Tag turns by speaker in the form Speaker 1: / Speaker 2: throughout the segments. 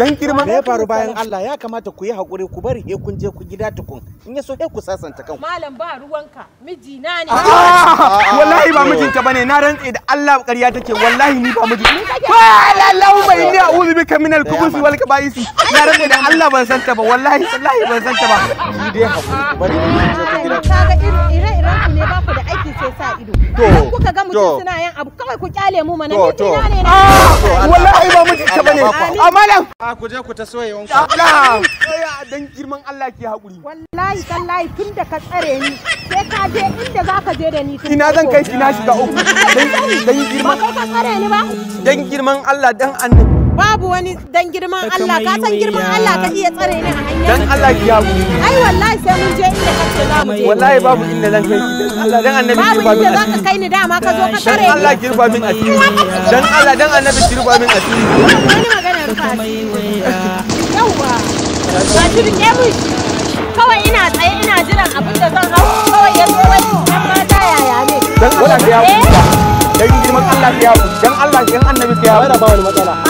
Speaker 1: dan girman ne ya faru bayan Allah ya kamata ku yi hakuri ku bari he kun je ku gida tukun in ya so he ku sasanta kanku malam ba ruwanka miji na ne ah, ah, wallahi ba mijinka bane na rantse da Allah ƙarya take wallahi ni ba miji ko la lauma inni a'udhu bika min al kubus wal kaba'is na rantse da Allah ban santa ba wallahi wallahi ban santa ba ni dai hakuri bari ni je ku gida kaga ire-iren ku ne ba ku da aiki sai sa ido to mutum suna yan abu kawai ku kyale mu mana to to ah, ah, wallahi ba mutum ka bane amma nan a ku je ku ta soyewan ku ah, Allah dan girman Allah ke hakuri wallahi tallahi tun da ka tsare ni sai ka je inda zaka je da ni ina zan kai kina shiga uku dan girman ka tsare ni ba dan girman Allah dan annabi babu wani dan girman Allah ka san girman Allah ka iya tsare ni a hanya dan Allah ki yabu ai wallahi sai mun je inda ka ce zamu je wallahi babu inda zan kai Allah dan annabi ki babu inda zaka kai ni dama ka zo ka ni. dan Allah girba min a cikin dan Allah dan annabi ki rufa min cikin wani magana rufa yawa ba ji rike mun kawai ina tsaye ina jiran abin da zan rawo kawai ya zo wani dan mata yaya ne dan Allah ya yabu eh? dan girman Allah ya yabu dan Allah dan annabi ki yabu ba wani matsala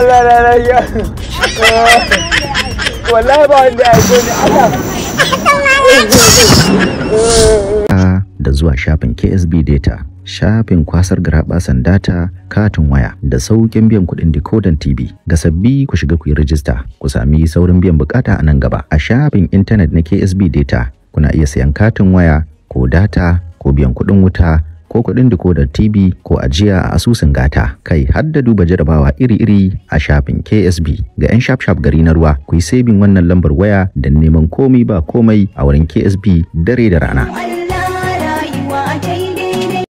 Speaker 1: Allah ya da zuwa shafin KSB Data shafin kwasar garabasan data katin waya da sauƙin biyan kuɗin decoder TV. Ga sabbi ku shiga ku yi rajista ku sami saurin biyan bukata a nan gaba. A shafin intanet na KSB Data kuna iya sayan katin waya ko data ko biyan kuɗin wuta ko kuɗin dikodar TV ko ajiya a asusun gata kai har da duba jarabawa iri-iri a shafin KSB ga 'yan shafshaf gari na ruwa ku yi sabin wannan lambar waya da neman komi ba komai a wurin KSB dare da rana.